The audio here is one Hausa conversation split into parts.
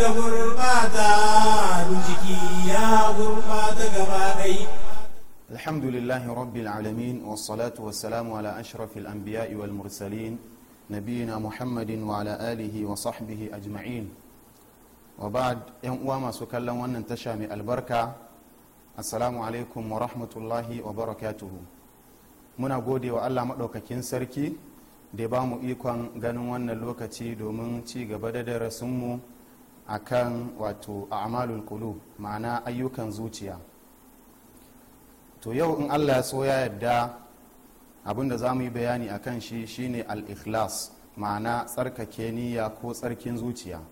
da gurbata jiki ya gurbata gaba ɗai الحمد لله رب العالمين والصلاة والسلام على أشرف الأنبياء والمرسلين نبينا محمد وعلى آله وصحبه أجمعين وبعد يوم ما سكلا وأن تشامي البركة السلام عليكم ورحمة الله وبركاته muna gode wa Allah maɗaukakin sarki da ba mu ikon ganin wannan lokaci domin ci gaba da darasinmu akan wato a'malul qulub ma'ana ayyukan zuciya to yau in Allah ya so ya yarda abinda za mu yi bayani akan shi shine al-ikhlas ma'ana tsarkake niyya ko tsarkin zuciya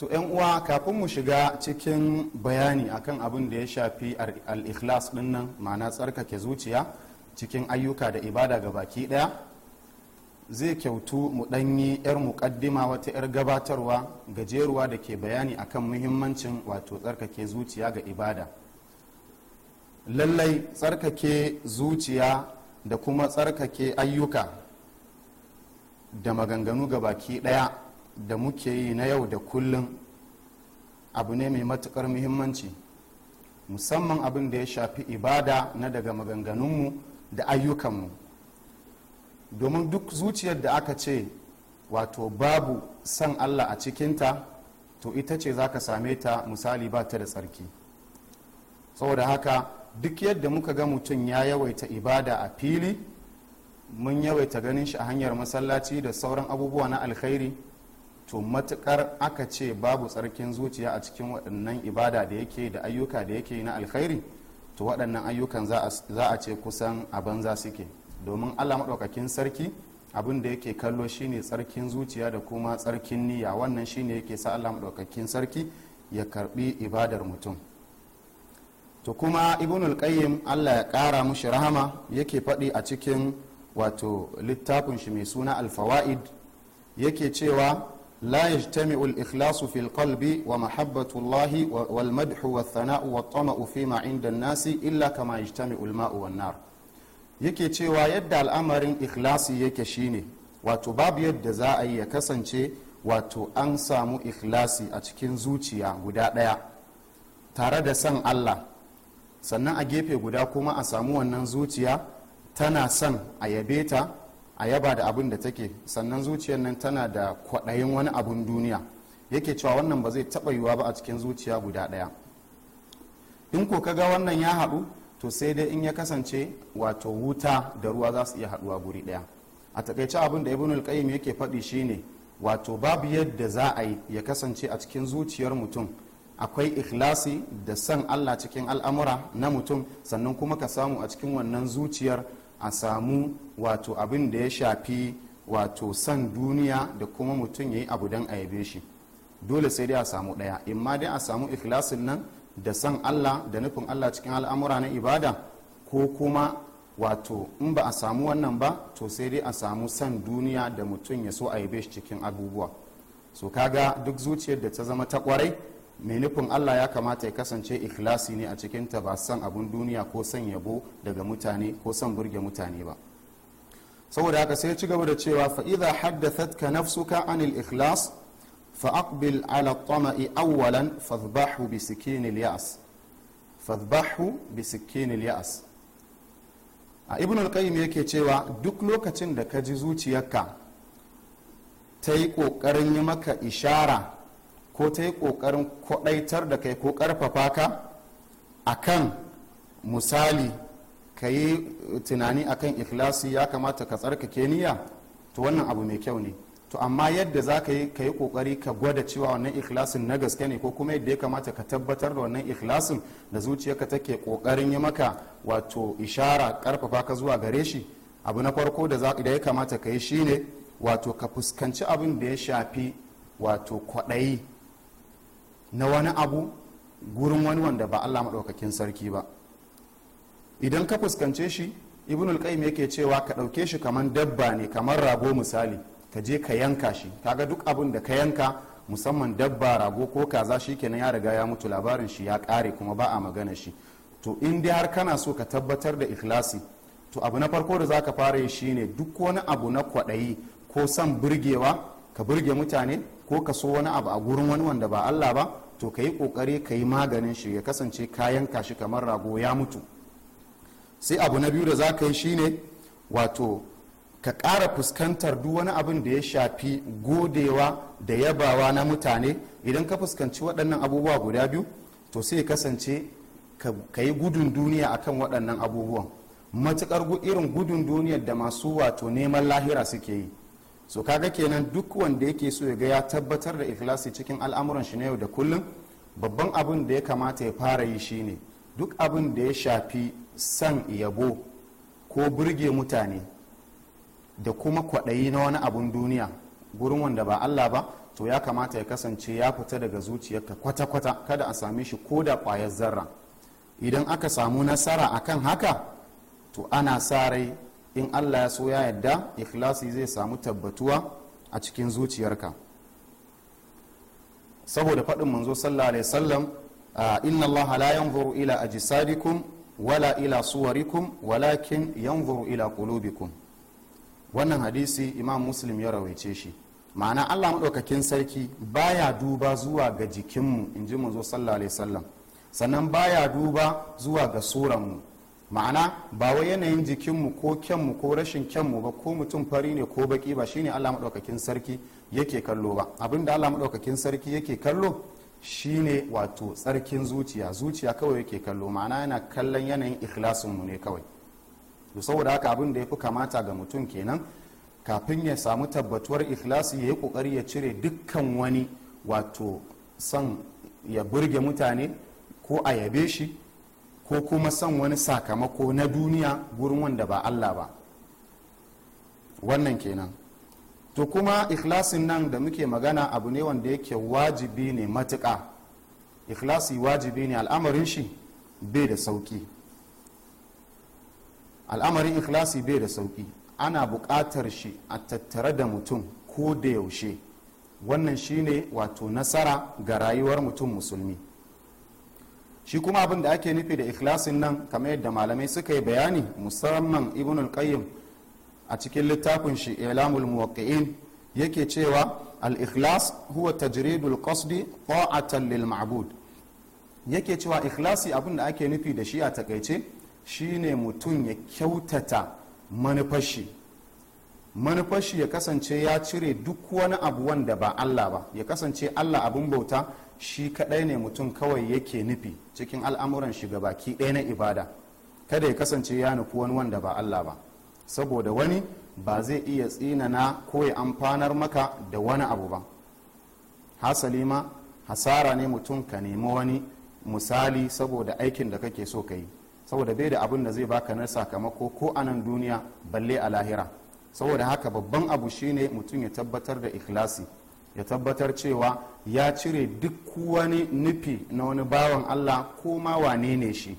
to yan uwa kafin mu shiga cikin bayani akan abin da ya shafi al-ikhlas din ma'ana tsarkake zuciya cikin ayyuka da ibada ga baki daya zai kyautu mu yi 'yar muƙaddima wata 'yar gabatarwa gajeruwa da ke bayani akan muhimmancin wato tsarkake zuciya ga ibada lallai tsarkake zuciya da kuma tsarkake ayyuka da maganganu ga baki ɗaya da muke yi na yau da kullum abu ne mai matuƙar muhimmanci musamman abin da ya shafi ibada na daga maganganunmu da ayyukanmu domin duk zuciyar da aka ce wato babu san allah a cikinta to ita ce za ka same ta misali ba ta da tsarki saboda haka duk yadda muka ga mutum ya yawaita ibada a fili mun yawaita ganin shi a hanyar masallaci da sauran abubuwa na alkhairi to matukar aka ce babu tsarkin zuciya a cikin waɗannan ibada da yake da ayyuka da yake na alkhairi to waɗannan ayyukan za a ce kusan a banza suke domin allah maɗaukakin sarki abin da yake kallo shine tsarkin zuciya da kuma tsarkin niyya wannan shine yake sa allah maɗaukakin sarki ya karbi ibadar mutum to kuma ibnul qayyim allah ya ƙara mushi rahama yake faɗi a cikin wato littafin shi mai suna alfawa'id yake cewa la yajtami'u al-ikhlasu fil qalbi wa mahabbatu Allah wal madhu wa thana'u wa tama'u fi ma 'inda an-nasi illa kama yajtami'u al-ma'u wan-nar yake cewa yadda al'amarin ikhlasi yake shine wato babu yadda za a yi ya kasance wato an samu ikhlasi a cikin zuciya guda ɗaya tare da san allah sannan a gefe guda kuma a samu wannan zuciya tana san a yabe ta a yaba da abin da take sannan zuciyar nan tana da kwaɗayin wani abun duniya yake cewa wannan ba zai taɓa yiwuwa ba a cikin zuciya guda ɗaya in ko ga wannan ya haɗu to sai dai in ya kasance wato wuta da ruwa za su iya haduwa guri daya a takaice abin da ibn qayyim yake faɗi shine wato babu yadda za a yi ya kasance a cikin zuciyar mutum akwai ikhlasi da san allah cikin al'amura na mutum sannan kuma ka samu a cikin wannan zuciyar a samu wato abin da ya shafi wato san duniya da kuma mutum ya yi abu don a yabe shi dole sai dai a samu ɗaya imma dai a samu ikhlasin nan da san allah da nufin allah cikin al'amura na ibada ko kuma wato in ba a samu wannan ba to sai dai a samu san duniya da mutum ya so a yi shi cikin abubuwa so kaga duk zuciyar da ta zama ta kwarai mai nufin allah ya kamata ya kasance ikhlasi ne a cikin ta ba san abun duniya ko san yabo daga mutane ko san burge mutane ba saboda haka sai ci gaba da cewa fa'iza haddathat ka nafsuka anil ikhlas فأقبل على الطمأ أولا فاذبحه بسكين اليأس فاذبحه بسكين اليأس ibn al yake cewa duk lokacin da ka ji zuciyarka ta yi ƙoƙarin yi maka ishara ko ta yi ƙoƙarin kwaɗaitar da kai ko ƙarfafa ka a kan misali ka yi tunani akan ikhlasi ya kamata ka tsarkake niyya to wannan abu mai kyau ne to amma yadda za ka yi ka yi kokari ka gwada cewa wannan ikhlasin na gaske ne ko kuma yadda ya kamata ka tabbatar da wannan ikhlasin da zuciyarka take kokarin yi maka wato ishara karfafa ka zuwa gare shi abu na farko da ya kamata ka yi shine wato ka fuskanci abin da ya shafi wato kwaɗayi na wani abu gurin wani wanda ba allah maɗaukakin sarki ba idan ka fuskance shi ibn yake cewa ka ɗauke shi kamar dabba ne kamar rago misali ka je ka yanka shi kaga duk abin da ka yanka musamman dabba rago ko kaza shi kenan ya riga ya mutu labarin shi ya kare kuma ba a magana shi to in dai har kana so ka tabbatar da ikhlasi to abu na farko da zaka fara yi shine duk wani abu na kwaɗayi ko san burgewa ka burge mutane ko ka so wani abu a gurin wani wanda ba Allah ba to ka yi kokari ka yi maganin shi ya kasance ka yanka shi kamar rago ya mutu sai abu na biyu da zaka yi shine wato ka ƙara fuskantar duk wani abin da ya shafi godewa da yabawa na mutane idan ka fuskanci waɗannan abubuwa guda biyu to sai kasance ka yi gudun duniya akan waɗannan abubuwan matuƙar irin gudun duniyar da masu wato neman lahira suke yi so kaga kenan duk wanda yake so ya ga ya tabbatar da ikhlasi cikin al'amuran shi na yau da kullum babban abin da ya kamata ya fara yi shine duk abin da ya shafi san yabo ko burge mutane da kuma kwaɗayi na wani abun duniya gurin wanda ba Allah ba to ya kamata ya kasance ya fita daga zuciyarka kwata-kwata kada a same shi ko da ƙwayar zarra idan aka samu nasara a kan haka to ana sa rai in Allah ya so ya yadda ikhlasi zai samu tabbatuwa a cikin zuciyarka saboda faɗin manzo sallallahu alaihi wasallam ah, inna Allah la yanzuru ila ajsadikum wala ila suwarikum walakin yanzuru ila qulubikum wannan hadisi imam muslim ya rawaice shi ma'ana allah maɗaukakin sarki baya duba zuwa ga jikinmu in ji manzo sallallahu alaihi wasallam sannan baya duba zuwa ga suranmu ma'ana ba wai yanayin jikinmu ko kyanmu ko rashin kyanmu ba ko mutum fari ne ko baki ba shine allah maɗaukakin sarki yake kallo ba abin da allah maɗaukakin sarki yake kallo shine wato tsarkin zuciya zuciya kawai yake kallo ma'ana yana kallon yanayin ikhlasinmu ne kawai to saboda haka abin da ya fi kamata ga mutum kenan kafin ya samu tabbatuwar ikhlasi ya yi kokari ya cire dukkan wani wato son ya burge mutane ko a yabe shi ko kuma son wani sakamako na duniya gurin wanda ba allah ba wannan kenan to kuma ikhlasin nan da muke magana abu ne wanda yake wajibi ne matuƙa ikhlasi wajibi ne al'amarin shi bai da sauki al'amarin ikhlasi bai da sauki ana buƙatar shi a tattare da mutum ko da yaushe wannan shine wato nasara ga rayuwar mutum musulmi shi kuma abin da ake nufi da ikhlasin nan kamar yadda malamai suka yi bayani musamman ibn al a cikin littafin shi ilamul muwaqqi'in yake cewa al-ikhlas huwa tajridul qasdi ta'atan lil ma'bud yake cewa ikhlasi abin da ake nufi da shi a takaice shi ne mutum ya kyautata manufashi manufashi ya kasance ya cire duk wani abu wanda ba allah ba ya kasance allah abin bauta shi kadai ne mutum kawai yake nufi cikin al'amuran shi baki ɗaya na ibada kada ya kasance ya nufi wani wanda ba allah ba saboda wani ba zai iya tsinana ko ya amfanar maka da wani abu ba hasali ma hasara ne mutum ka nemi wani misali saboda aikin da kake so ka yi saboda bai da abin da zai baka na sakamako ko a nan duniya balle a lahira saboda haka babban abu shine mutum ya tabbatar da ikilasi ya tabbatar cewa ya cire duk wani nufi na wani bawan allah ko ma wane ne shi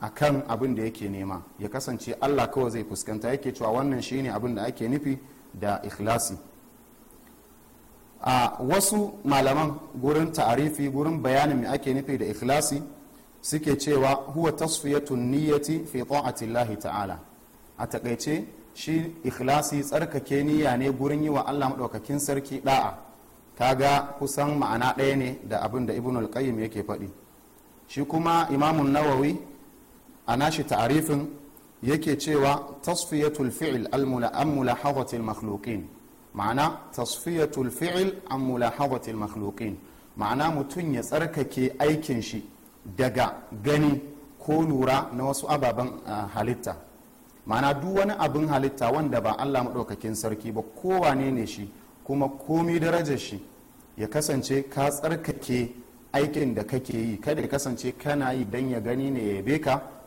a kan abin da yake nema ya kasance allah kawai zai fuskanta yake cewa wannan shine abin da ake nufi da ikilasi a wasu malaman gurin ta'arifi gurin bayanin me ake nufi da ikilasi. suke cewa huwa tasfiyatun niyyati fi Allah ta'ala a takaice shi ikhlasi tsarkake niyya ne gurin yi wa Allah madaukakin sarki da'a kaga kusan ma'ana ɗaya ne da abin da ibnul qayyim yake faɗi shi kuma imamun nawawi a nashi ta'arifin yake cewa tasfiyatul fi'il an mulahadatil makhluqin ma'ana tasfiyatul fi'il an mulahadatil makhluqin ma'ana mutum ya tsarkake aikin shi daga gani ko lura na wasu ababen halitta ma'ana duk wani abin halitta wanda ba allah maɗaukakin sarki ba kowane ne shi kuma komi daraja shi ya kasance ka tsarkake aikin da kake yi kada ya kasance kana yi don ya gani ne ya yabe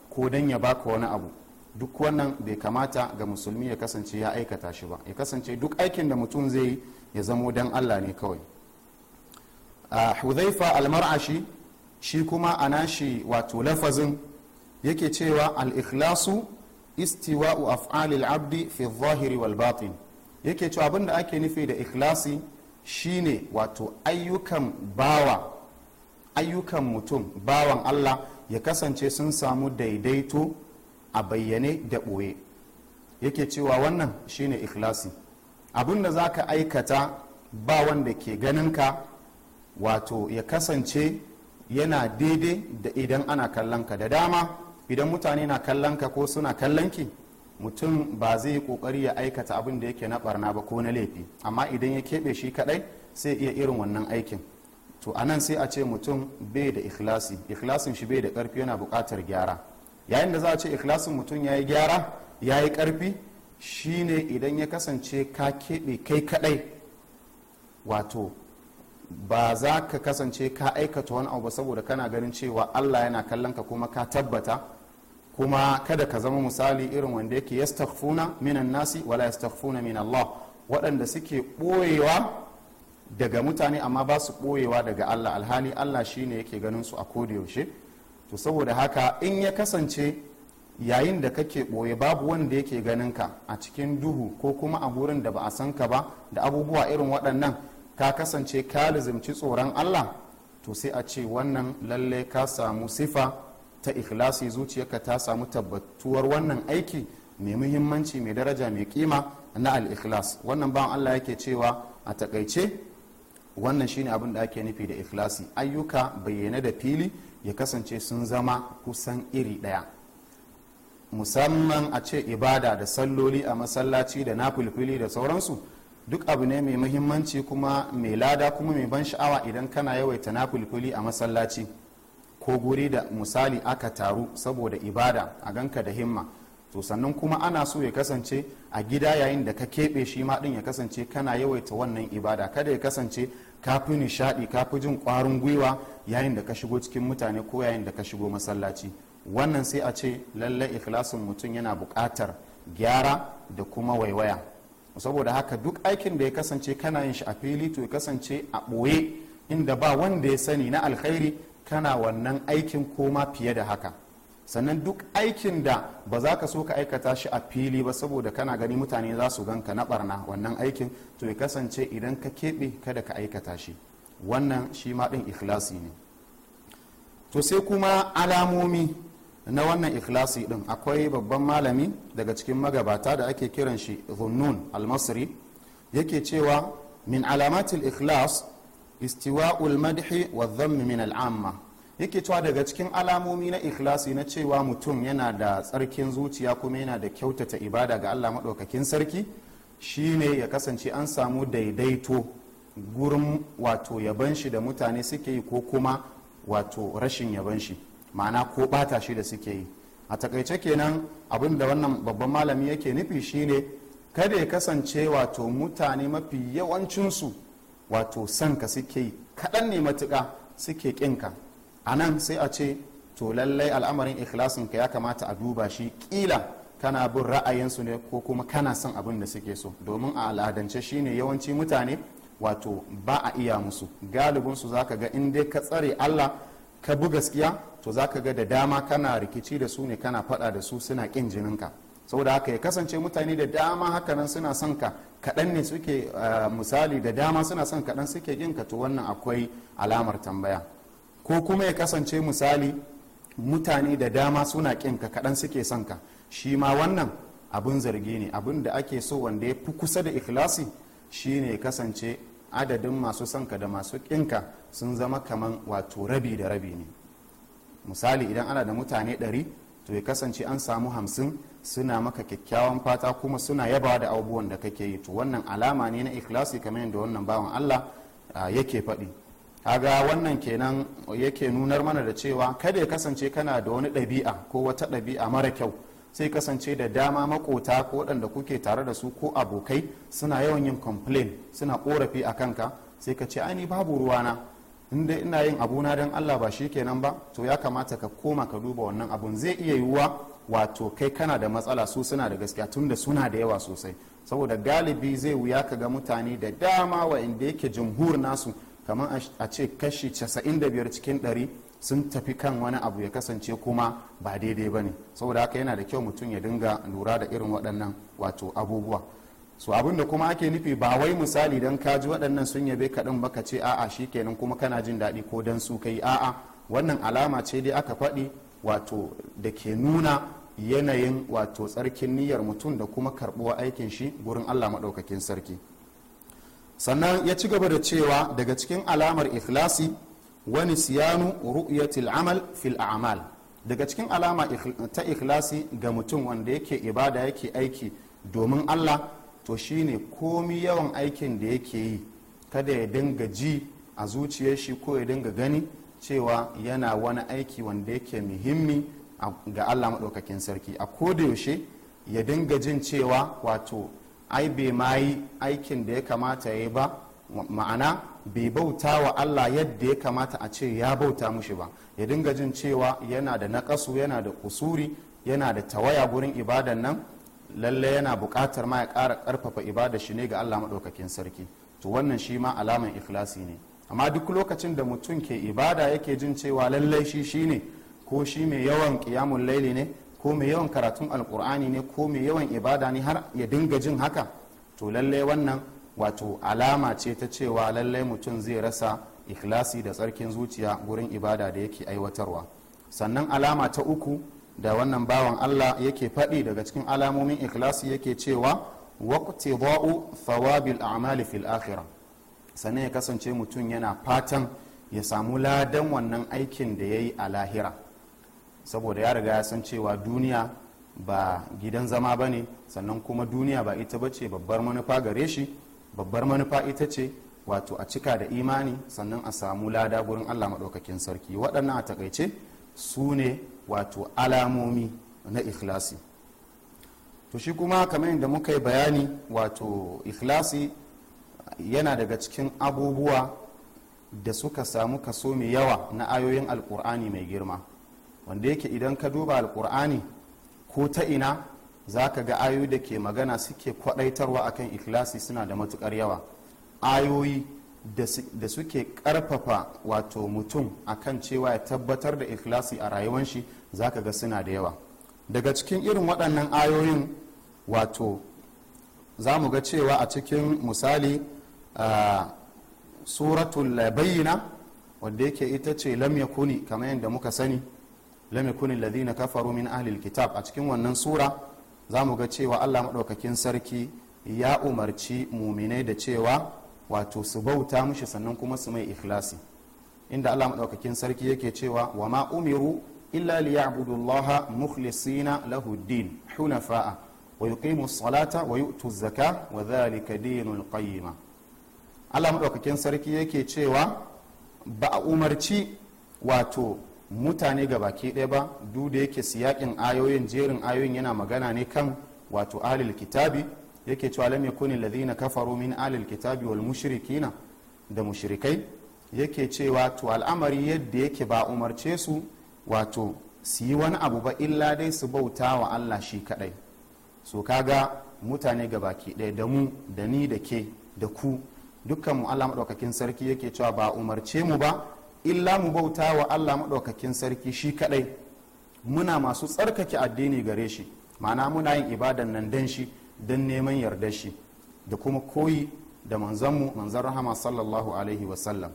ko don ya baka wani abu duk wannan bai kamata ga musulmi ya kasance ya aikata shi ba ya kasance duk aikin da mutum zai yi ya zamo don allah ne kawai hudhaifa almar'ashi shi kuma a nashi wato lafazin yake cewa al-ikhlasu istiwa'u af'alil abdi fi zahiri wal batin yake cewa abin da ake nufi da ikhlasi shine wato ayyukan bawa ayyukan mutum bawan Allah ya kasance sun samu daidaito a bayyane da ɓoye yake cewa wannan shine ikhlasi abin da za ka aikata ba wanda ke ganinka wato ya kasance yana daidai da idan ana kallon ka da dama idan mutane na kallon ka ko suna kallon ki mutum ba zai yi kokari ya aikata abin da yake na barna ba ko na laifi amma idan ya keɓe shi kaɗai sai iya irin wannan aikin to a nan sai a ce mutum bai da ikhlasi ikhlasin shi bai da karfi yana buƙatar gyara yayin da za a ce ikhlasin mutum ya yi gyara ya yi ƙarfi ne idan ya kasance ka keɓe kai kaɗai wato ba za ka kasance ka aikata wani abu saboda kana ganin cewa allah yana kallon ka kuma ka tabbata kuma kada ka zama misali irin wanda yake stafuna minan nasi wala ya min allah waɗanda suke ɓoyewa daga mutane amma ba su ɓoyewa daga allah alhali allah shine yake ganin su a yaushe to saboda haka in ya kasance yayin da kake ɓoye babu wanda yake ganin ka a cikin duhu ko kuma a wurin da ba a san ka ba da abubuwa irin waɗannan ka kasance ka lizimci tsoron allah to sai a ce wannan lalle ka samu sifa ta ikhlasi zuciyarka ta samu tabbatuwar wannan aiki mai muhimmanci mai daraja mai kima na al-ikhlas wannan bawan allah yake cewa a takaice wannan shine abin da ake nufi da ikhlasi ayyuka bayyane da fili ya kasance sun zama kusan iri ɗaya musamman a ce ibada da salloli a masallaci da na da sauransu duk abu ne mai muhimmanci kuma mai lada kuma mai ban sha'awa idan kana yawaita na a masallaci ko guri da misali aka taru saboda ibada a ganka da himma to sannan kuma ana so ya kasance a gida yayin da ka keɓe shi ma ɗin ya kasance kana yawaita wannan ibada kada ya kasance ka fi nishaɗi ka fi jin kwarin gwiwa yayin da ka shigo cikin mutane ko yayin da ka shigo masallaci wannan sai a ce lallai ikhlasin mutum yana buƙatar gyara da kuma waiwaya saboda haka duk aikin da ya kasance kana yin shi a fili to ya kasance a ɓoye inda ba wanda ya sani na alkhairi kana wannan aikin koma fiye da haka sannan duk aikin da ba za ka so ka aikata shi a fili ba saboda kana gani mutane za su ganka na barna wannan aikin to ya kasance idan ka keɓe kada ka aikata shi wannan shi ma ɗin ikhlasi ne to sai kuma alamomi na wannan ikhlasi din akwai babban malami daga cikin magabata da ake kiran shi zunnun almasri yake cewa min alamatil ikhlas istiwa'ul madhi wa dhammi min al'amma yake cewa daga cikin alamomi na ikhlasi na cewa mutum yana da tsarkin zuciya kuma yana da kyautata ibada ga Allah maɗaukakin sarki shi ne ya kasance an samu daidaito gurin wato yaban shi da mutane suke yi ko kuma wato rashin yaban shi ma'ana ko bata shi da suke yi a takaice kenan abin da wannan babban malami yake nufi shine kada ya kasance wato mutane mafi yawancinsu wato son ka suke yi kaɗan ne matuka suke ƙinka a nan sai a ce to lallai al'amarin ikhlasin ka ya kamata a duba shi ƙila kana bin ra'ayinsu ne ko kuma kana son abin da suke so domin a al'adance shine yawanci mutane wato ba a iya musu galibinsu za ka ga in dai ka tsare allah ka bi gaskiya to za ka ga da dama kana rikici da su ne kana faɗa da su suna ƙin jininka saboda haka ya kasance mutane da dama hakanan suna son ka kaɗan ne suke eh, misali da dama suna son kaɗan suke ƙin ka to wannan akwai alamar tambaya ko kuma ya kasance misali mutane da dama suna ƙin ka kaɗan suke son ka shi ma wannan abin zargi ne abin da ake so wanda ya fi kusa da ikhlasi ne ya kasance adadin masu son da masu ƙinka sun zama kaman wato rabi da rabi ne misali idan ana da mutane 100 to ya kasance an samu 50 suna maka kyakkyawan fata kuma suna yaba da abubuwan da kake yi to wannan alama ne na ikhlasi kamar yadda wannan bawan allah yake faɗi kaga wannan kenan yake nunar mana da cewa kada ya kasance kana da wani ɗabi'a ko wata ɗabi'a mara kyau sai kasance da dama makota ko waɗanda kuke tare da su ko abokai suna yawan yin complain suna korafi a kanka sai ka ce ai ni babu ruwana in dai ina yin abuna don allah ba shi kenan ba to ya kamata ka koma ka duba wannan abun zai iya yiwuwa wato kai kana da matsala su suna da gaskiya tun da suna da yawa sosai saboda galibi zai wuya ka ga mutane da dama wa inda yake jamhur nasu kamar a ce kashi 95 cikin 100 sun tafi kan wani abu ya kasance kuma ba daidai ba ne saboda haka yana da kyau mutum ya dinga lura da irin waɗannan wato abubuwa su abin da kuma ake nufi ba wai misali dan kaji waɗannan sun yabe kaɗan baka ce a'a kenan kuma kana jin daɗi ko don su kai a'a wannan alama ce dai aka faɗi wato da ke nuna yanayin wato tsarkin niyyar mutum da kuma karɓuwa aikin shi gurin allah maɗaukakin sarki sannan ya ci gaba da cewa daga cikin alamar ikhlasi wani siyanu ru'yatil amal fil a'mal daga cikin alama ta ikhlasi ga mutum wanda yake ibada yake aiki domin allah to shine komi yawan aikin da yake yi kada ya dinga ji a zuciyar shi ko ya dinga gani cewa yana wani aiki wanda yake muhimmi ga allah maɗaukakin sarki a kodayaushe ya dinga jin cewa wato ai bai ma yi aikin da ya kamata ya yi ba ma'ana bai bauta wa allah yadda ya kamata a ce ya bauta mushi ba ya dinga jin cewa yana da nakasu yana da kusuri yana da tawaya gurin ibadan nan lalle yana buƙatar ma ya ƙara ƙarfafa ibada shi ne ga Allah maɗaukakin sarki to wannan shi ma alaman ikhlasi ne amma duk lokacin da mutum ke ibada yake jin cewa lalle shi shi ne ko shi mai yawan ƙiyamun laili ne ko mai yawan karatun alƙur'ani ne ko mai yawan ibada ne har ya dinga jin haka to lalle wannan wato alama ce ta cewa lalle mutum zai rasa ikhlasi da tsarkin zuciya gurin ibada da yake aiwatarwa sannan alama ta uku da wannan bawan Allah yake faɗi daga cikin alamomin ikhlasi yake cewa waqtida'u thawabil a'mali fil akhirah sannan ya kasance mutum yana fatan ya samu ladan wannan aikin da yayi a lahira saboda ya riga ya san cewa duniya ba gidan zama ba ne sannan kuma duniya ba ita bace babbar manufa gare shi babbar manufa ita ce wato a cika da imani sannan a samu lada gurin allah maɗaukakin sarki waɗannan a takaice su ne wato alamomi na ikhlasi to shi kuma kamar yadda muka yi bayani wato ikhlasi yana daga cikin abubuwa da suka samu kaso mai yawa na ayoyin alkur'ani mai girma wanda yake idan ka duba alkur'ani ko ta ina za ka ga ayoyi da ke magana suke kwadaitarwa akan ikhlasi suna da matukar yawa ayoyi da suke karfafa wato mutum akan cewa ya tabbatar da ikhlasi a rayuwanshi shi za ka ga suna da yawa daga cikin irin waɗannan ayoyin wato za mu ga cewa a cikin misali suratul labayina wadda yake ita ce lamya kuni kamar yadda muka sani kuni yakuni na kafaru min ahlil kitab a cikin wannan sura za mu ga cewa Allah maɗaukakin sarki ya umarci muminai da cewa wato su bauta mushi sannan kuma su mai ikhlasi inda Allah maɗaukakin sarki yake cewa wa ma umiru illa liya'budullaha mukhlisina lahu din hunafa'a wa yuqimu salata wa yu'tu zaka wa dhalika dinul qayyima Allah madaukakin sarki yake cewa ba a umarci wato mutane ga baki ɗaya ba duk da yake siyakin ayoyin jerin ayoyin yana magana ne kan wato alil kitabi yake cewa lam yakuni alladhina kafaru min alil kitabi wal mushrikina da mushrikai yake cewa to al'amari yadda yake ba umarce su wato su yi wani abu ba illa dai su bauta wa allah shi kadai so kaga mutane ga baki ɗaya da mu da ni da ke da ku dukkan mu allah maɗaukakin sarki yake cewa ba umarce mu ba illa mu bauta wa allah maɗaukakin sarki shi kadai muna masu tsarkake addini gare shi ma'ana muna yin ibadan nan dan shi don neman yarda shi da kuma koyi da manzanmu manzan rahama sallallahu alaihi wasallam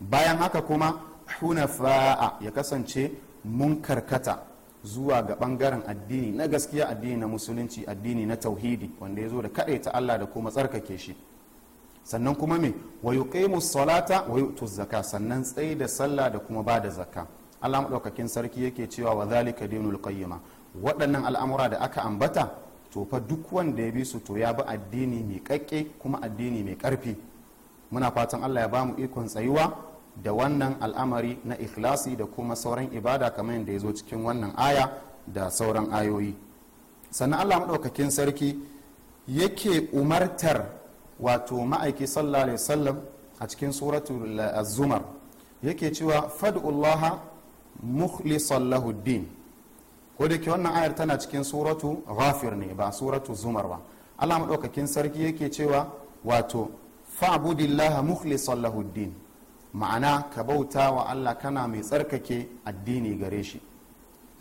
bayan haka kuma hunafa'a ya kasance mun karkata zuwa ga bangaren addini na gaskiya addini na musulunci addini na tauhidi wanda ya zo da kaɗai ta Allah da kuma tsarkake shi sannan kuma me wa yuqimu salata wa yu'tu sannan tsaye da sallah da kuma ba da zaka Allah maɗaukakin sarki yake cewa wa zalika dinul qayyima waɗannan al'amura da aka ambata to fa duk wanda ya bi su to ya bi addini mai kakke kuma addini mai karfi muna fatan Allah ya bamu ikon tsayuwa da wannan al'amari na ikhlasi da kuma sauran ibada kamar yadda ya zo cikin wannan aya da sauran ayoyi sannan allah maɗaukakin sarki yake umartar wato ma'aiki sallallahu alaihi wasallam a cikin suratul eh, zumar yake cewa fad'ullaha muhli sallahu din ko da ke wannan ayar tana cikin suratu ghafir ne ba suratu zumar ba allah maɗaukakin sarki yake cewa wato fa'budillaha muhli sallahu din ma'ana ka bauta wa allah kana mai tsarkake addini gare shi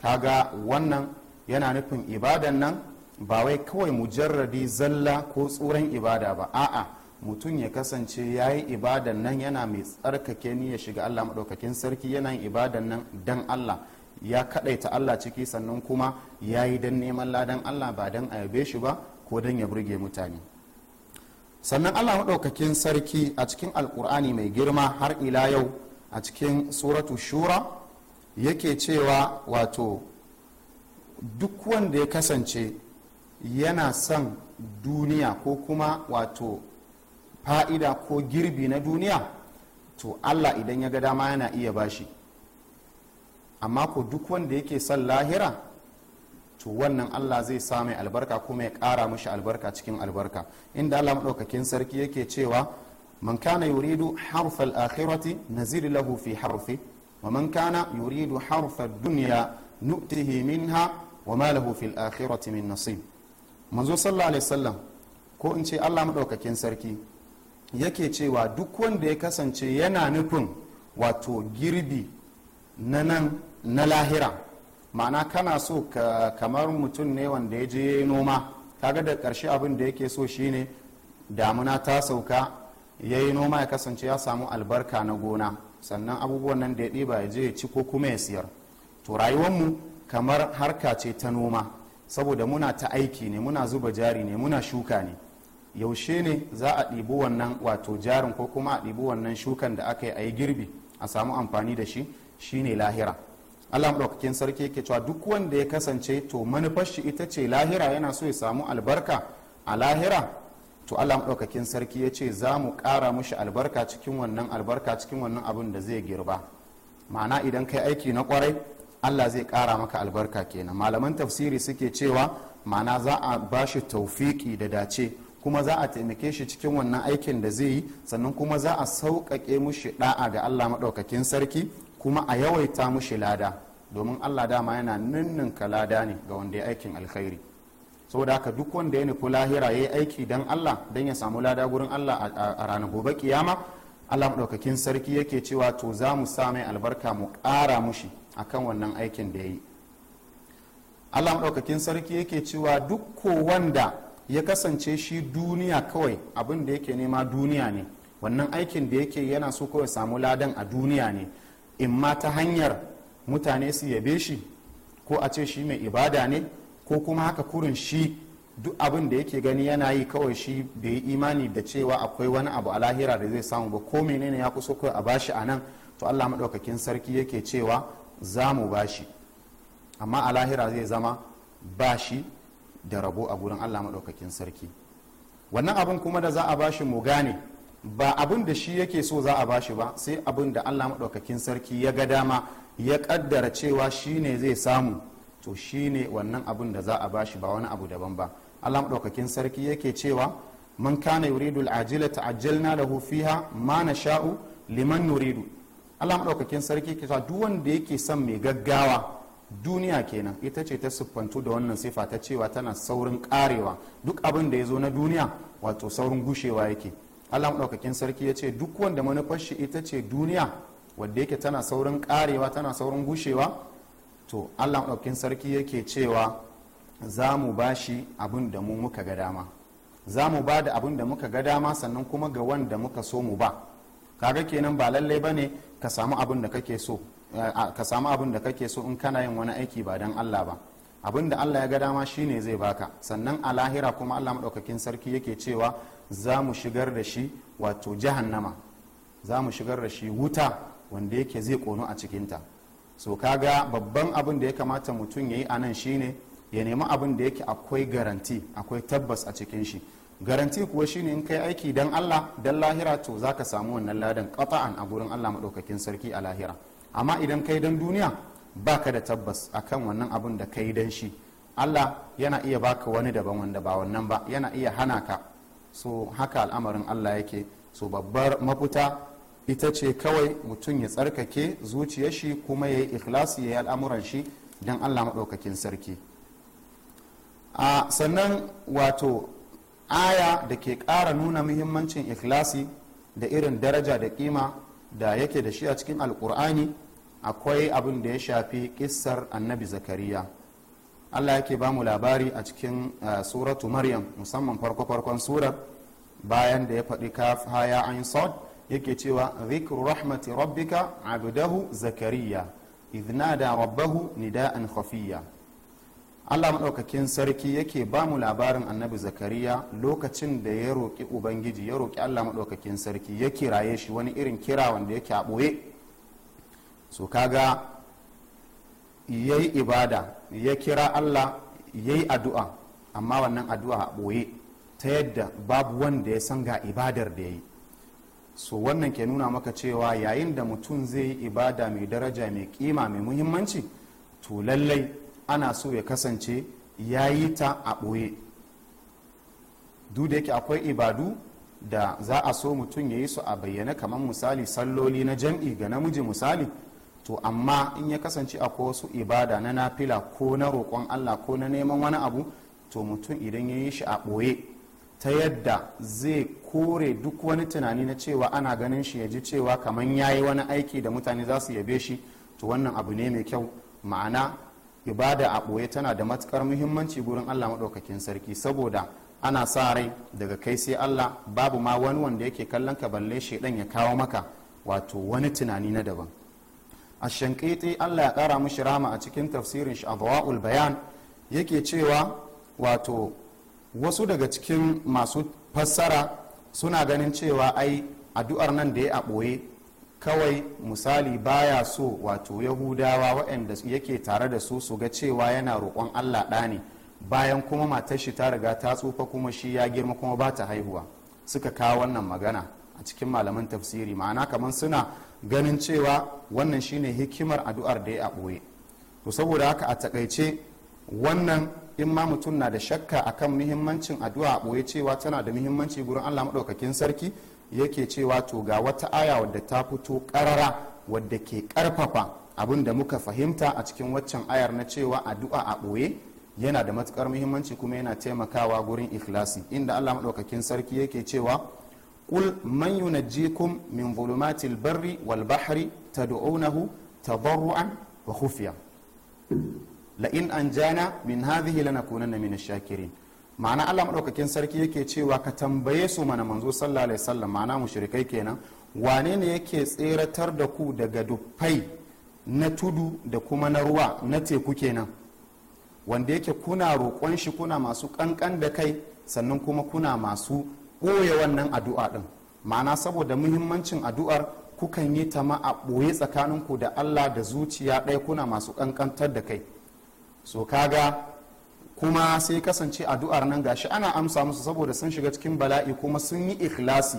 kaga wannan yana nufin ibadan nan ba wai kawai mujarradi zalla ko tsoron ibada ba a'a mutum ya kasance ya yi ibadan nan yana mai tsarkake ni ya shiga allah maɗaukakin sarki yana yin ibadan nan dan allah ya kaɗaita allah ciki sannan kuma ya yi don neman ladan allah ba don a yabe shi ba ko don ya burge mutane sannan allah maɗaukakin sarki a cikin alkur'ani mai girma har ila yau a cikin suratu shura yake cewa wato duk wanda ya kasance yana son duniya ko kuma wato fa'ida ko girbi na duniya to allah idan ya ga dama yana iya bashi amma ko duk wanda yake son lahira to wannan Allah zai sa mai albarka kuma ya ƙara mashi albarka cikin albarka inda Allah maɗaukakin sarki yake cewa man kana yuridu harfa akhirati nazir lahu fi harfi wa man kana yuridu harfa dunya nu'tihi minha wa ma lahu fil akhirati min nasib manzo sallallahu alaihi wasallam ko in ce Allah maɗaukakin sarki yake cewa duk wanda ya kasance yana nufin wato girbi na nan na lahira ma'ana kana so ka, kamar mutum ne wanda ya je noma kaga da ƙarshe abin da yake so shine damuna ta sauka ya yi noma ya kasance ya samu albarka na gona sannan abubuwan nan da ya ɗiba ya je ya ci ko kuma ya siyar to rayuwarmu kamar harka ce ta noma saboda muna ta aiki ne muna zuba jari ne muna shuka ne yaushe ne za a ɗibi wannan wato jarin ko kuma a ɗibi wannan shukan da aka yi a yi girbi a samu amfani da shi shine lahira allah maɗaukakin sarki yake cewa duk wanda ya kasance to manufar shi ita ce lahira yana so ya samu albarka a lahira to allah maɗaukakin sarki ya ce za mu ƙara mushi albarka cikin wannan albarka cikin wannan abin da zai girba ma'ana idan kai aiki na kwarai allah zai ƙara maka albarka kenan malaman tafsiri suke cewa ma'ana za a shi taufiki da dace kuma za a taimake shi cikin wannan aikin da zai yi sannan kuma za a sauƙaƙe mushi da'a ga allah maɗaukakin sarki kuma a yawaita mushi lada domin allah dama yana ka lada ne ga wanda ya aikin alkhairi saboda haka duk wanda ya nufi lahira ya yi aiki don allah don ya samu lada gurin allah a ranar gobe kiyama allah maɗaukakin sarki yake cewa to za mu sa albarka mu ƙara mushi akan wannan aikin da ya yi allah maɗaukakin sarki yake cewa duk ko wanda ya kasance shi duniya kawai abin da yake nema duniya ne wannan aikin da yake yana so kawai samu ladan a duniya ne in ma ta hanyar mutane su yabe shi ko a ce shi mai ibada ne ko kuma haka kurin shi duk abin da yake gani yana yi kawai shi bai yi imani da cewa akwai wani abu a lahira da zai samu ba ko menene ya kusa kawai a bashi a nan to allah maɗaukakin sarki yake cewa za mu bashi amma a lahira zai zama ba shi da rabo a gurin allah maɗaukakin sarki wannan abin kuma da za a bashi mu gane ba abin da shi yake so za a bashi ba sai abin da allah maɗaukakin sarki ya ga dama ya ƙaddara cewa shi ne zai samu to shi ne wannan abin da za a bashi ba wani abu daban ba allah maɗaukakin sarki yake cewa man kana yuridul ajila ta'ajjalna lahu fiha ma nasha'u liman nuridu allah maɗaukakin sarki ke duk wanda yake son mai gaggawa duniya kenan ita ce ta siffantu da wannan sifa ta cewa tana saurin karewa duk abin da ya zo na duniya wato saurin gushewa yake allah maɗaukakin sarki ya ce duk wanda manufar shi ita ce duniya wadda yake tana saurin karewa tana saurin gushewa to allah maɗaukakin sarki yake cewa za mu ba shi abin da mu muka ga dama za mu ba da abin da muka ga dama sannan kuma ga wanda muka so mu ba kaga kenan ba lallai ba ne ka samu abin da kake so eh, in kana yin wani aiki ba don allah ba abin da allah ya ga dama shine zai baka sannan a lahira kuma allah maɗaukakin sarki yake cewa za mu shigar da shi wato jahannama za mu shigar da shi wuta wanda yake zai ƙonu a cikinta so ka ga babban abin da ya kamata mutum ya yi a nan shine ya nemi abin da yake akwai garanti akwai tabbas a cikin shi garanti kuwa shine in kai aiki dan allah dan lahira to za ka samu wannan ladan ƙata'an a gurin allah maɗaukakin sarki a lahira amma idan kai dan duniya ba ka da tabbas akan wannan abun da ka yi dan shi allah yana iya baka wani daban wanda ba wannan ba yana iya hana ka so haka al'amarin allah yake so babbar mafuta ita ce kawai mutum ya tsarkake zuciyar shi kuma ya yi ikhlasi ya yi al'amuran shi don allah maɗaukakin sarki a sannan wato aya da ke ƙara nuna muhimmancin ikhlasi da irin daraja da kima da yake da shi a cikin alkur'ani akwai abin da ya shafi kissar annabi zakariya allah yake ba mu labari a cikin uh, suratu maryam musamman farko-farkon surar bayan da ya faɗi kaf haya an sod yake cewa zikru rahmati rabbika abdahu zakariya idnada rabbahu nida'an khafiya allah maɗaukakin sarki yake ba mu labarin annabi zakariya lokacin da ya roƙi ubangiji ya roƙi allah maɗaukakin sarki ya kiraye shi wani irin kira wanda yake a ɓoye so kaga ya yi ibada ya kira allah ya yi addu'a amma wannan addu'a a ɓoye ta yadda babu wanda ya san ga ibadar da ya yi so wannan ke nuna maka cewa yayin da mutum zai yi ibada mai daraja mai kima mai muhimmanci to lallai ana so ya kasance ya yi ta a ɓoye duk da yake akwai ibadu da za a so mutum ya yi su a bayyana kamar misali salloli na jam'i ga namiji misali to amma in ya kasance akwai wasu ibada na nafila ko na roƙon allah ko na neman wani abu to mutum idan ya yi shi a ɓoye ta yadda zai kore duk wani tunani na cewa ana ganin shi ya ji cewa kamar ya yi wani aiki da mutane za su yabe shi to wannan abu ne mai kyau ma'ana ibada a ɓoye tana da matukar muhimmanci gurin allah maɗaukakin sarki saboda ana sa rai daga kai sai allah babu ma wani wanda yake kallon ka balle shi ya kawo maka wato wani tunani na daban a ashankiti allah ya kara mishi rama a cikin tafsirin shi adwa'ul bayan yake cewa wato wasu daga cikin masu fassara suna ganin cewa ai addu'ar nan da ya a ɓoye kawai misali baya so wato yahudawa waɗanda yake tare da su su ga cewa yana roƙon allah ɗa ne bayan kuma matar shi ta riga ta tsufa kuma shi ya girma kuma ba ta haihuwa suka kawo wannan magana a cikin malaman tafsiri ma'ana kamar suna ganin cewa wannan shine hikimar addu'ar da ya a ɓoye to saboda haka a takaice wannan in ma mutum na da shakka akan muhimmancin addu'a a ɓoye cewa tana da muhimmanci gurin allah maɗaukakin sarki yake cewa to ga wata aya wadda ta fito ƙarara wadda ke ƙarfafa abin da muka fahimta a cikin waccan ayar na cewa addu'a a ɓoye yana da matuƙar muhimmanci kuma yana taimakawa gurin ikhlasi inda allah maɗaukakin sarki yake cewa قل من ينجيكم من ظلمات البر والبحر تدعونه تضرعا وخفيا لئن أنجانا من هذه لنكونن من الشاكرين ma'ana Allah maɗaukakin sarki yake cewa ka tambaye su mana manzo sallallahu alaihi wasallam ma'ana mushrikai kenan wane ne yake tseratar da ku daga dufai na tudu da kuma na ruwa na teku kenan wanda yake kuna roƙon shi kuna masu ƙanƙan da kai sannan kuma kuna masu ɓoye wannan addu'a ɗin ma'ana saboda muhimmancin addu'ar kukan yi ta ma a ɓoye tsakaninku da allah da zuciya ɗaya kuna masu ƙanƙantar da kai so kaga kuma sai kasance addu'ar nan gashi ana amsa musu saboda sun shiga cikin bala'i kuma sun yi ikhlasi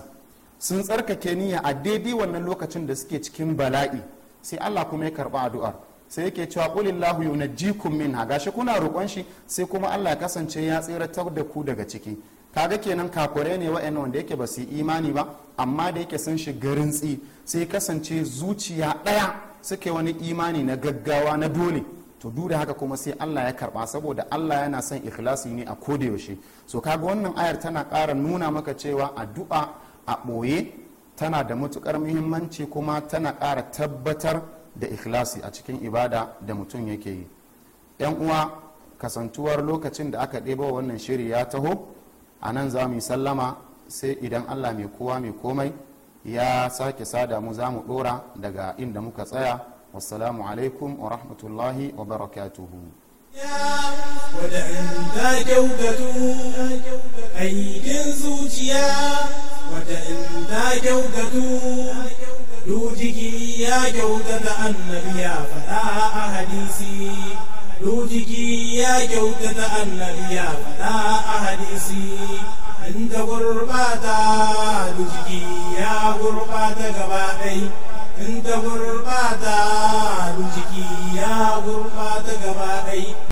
sun tsarkake niyya a daidai wannan lokacin da suke cikin bala'i sai allah kuma ya karɓa addu'ar sai yake cewa qulillahu yunajjikum minha gashi kuna roƙon shi sai kuma allah kasance ya tseratar da ku daga ciki ka ga kenan kakure ne wa'yan wanda yake ba su imani ba amma da yake sun shiga rintsi sai kasance zuciya ɗaya suke wani imani na gaggawa na dole to duk da haka kuma sai Allah ya karba saboda Allah yana son ikhlasi ne a ko da yaushe so kaga wannan ayar tana ƙara nuna maka cewa addu'a a ɓoye tana da matukar muhimmanci kuma tana ƙara tabbatar da ikhlasi a cikin ibada da mutum yake yi yan uwa kasantuwar lokacin da aka ɗebo wannan shiri ya taho a nan za mu yi sallama sai idan allah mai kowa mai komai ya sake sada mu za mu dora daga inda muka tsaya wassalamu alaikum wa rahmatullahi wa barakatuhu wada'inda kyautatu aikin zuciya wada'inda kyautatu dujiki ya kyautata annabiya ya faɗa a hadisi lujiki ya kyautata annabi ya faɗa a hadisi in ta gurbata lujiki ya gurɓata gaba ɗai in ta gurbata lujiki ya gurbata gaba ɗai